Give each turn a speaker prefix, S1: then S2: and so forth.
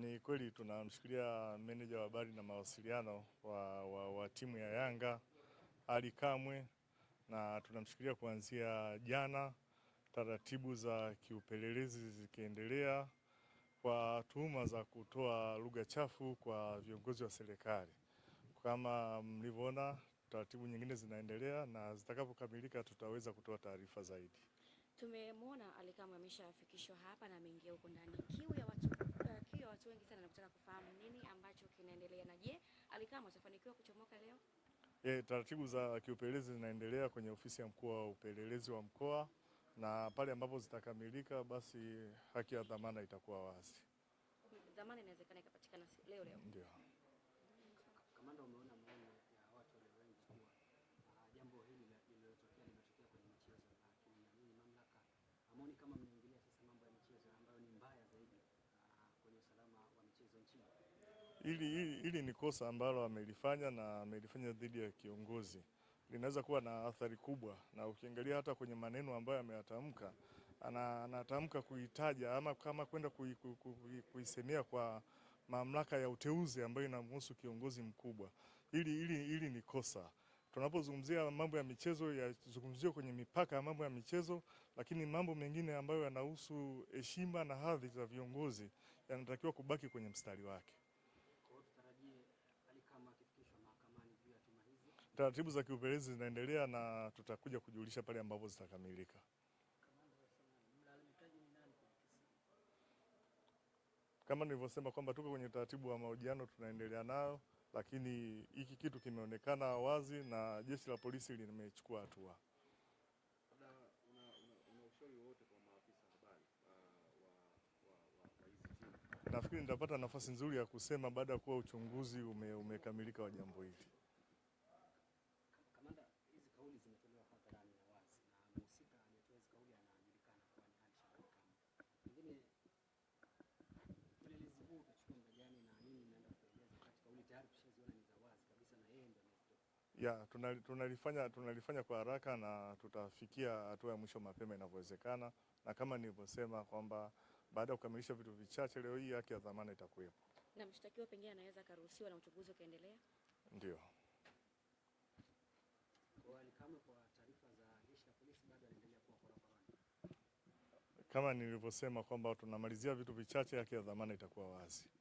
S1: Ni kweli tunamshikilia meneja wa habari na mawasiliano wa, wa, wa timu ya Yanga Ali Kamwe na tunamshikilia kuanzia jana, taratibu za kiupelelezi zikiendelea kwa tuhuma za kutoa lugha chafu kwa viongozi wa serikali. Kama mlivyoona, taratibu nyingine zinaendelea na zitakapokamilika tutaweza kutoa taarifa zaidi.
S2: Tumemwona Ali Kamwe ameshafikishwa hapa na ameingia huko ndani, kiu ya watu ambacho kinaendelea, na je, Alikamwe atafanikiwa kuchomoka leo?
S1: E, taratibu za kiupelelezi zinaendelea kwenye ofisi ya mkuu wa upelelezi wa mkoa, na pale ambapo zitakamilika, basi haki ya dhamana itakuwa wazi.
S2: Dhamana inawezekana ikapatikana leo leo,
S1: ndio kamanda. Umeona maoni ya watu wengi kuwa ah, jambo hili lililotokea limetokea kwenye michezo, lakini mamlaka amoni kama Hili ni kosa ambalo amelifanya na amelifanya dhidi ya kiongozi, linaweza kuwa na athari kubwa, na ukiangalia hata kwenye maneno ambayo ameyatamka, anatamka kuitaja ama kama kwenda kuisemea kwa mamlaka ya uteuzi ambayo inamhusu kiongozi mkubwa. Hili hili hili ni kosa. Tunapozungumzia mambo ya michezo yazungumziwe kwenye mipaka ya mambo ya michezo, lakini mambo mengine ambayo yanahusu heshima na hadhi za viongozi yanatakiwa kubaki kwenye mstari wake. Taratibu za kiupelelezi zinaendelea na tutakuja kujulisha pale ambapo zitakamilika. Kama nilivyosema kwamba tuko kwenye utaratibu wa mahojiano tunaendelea nayo, lakini hiki kitu kimeonekana wazi na jeshi la polisi limechukua hatua. Nafikiri nitapata nafasi nzuri ya kusema baada ya kuwa uchunguzi ume, umekamilika wa jambo hili. ya tunalifanya, tunalifanya kwa haraka na tutafikia hatua ya mwisho mapema inavyowezekana, na kama nilivyosema kwamba baada ya kukamilisha vitu vichache leo hii haki ya dhamana itakuwepo.
S2: Na mshtakiwa pengine anaweza akaruhusiwa na uchunguzi ukaendelea.
S1: Ndio. Kama nilivyosema kwamba tunamalizia vitu vichache, haki ya dhamana itakuwa wazi.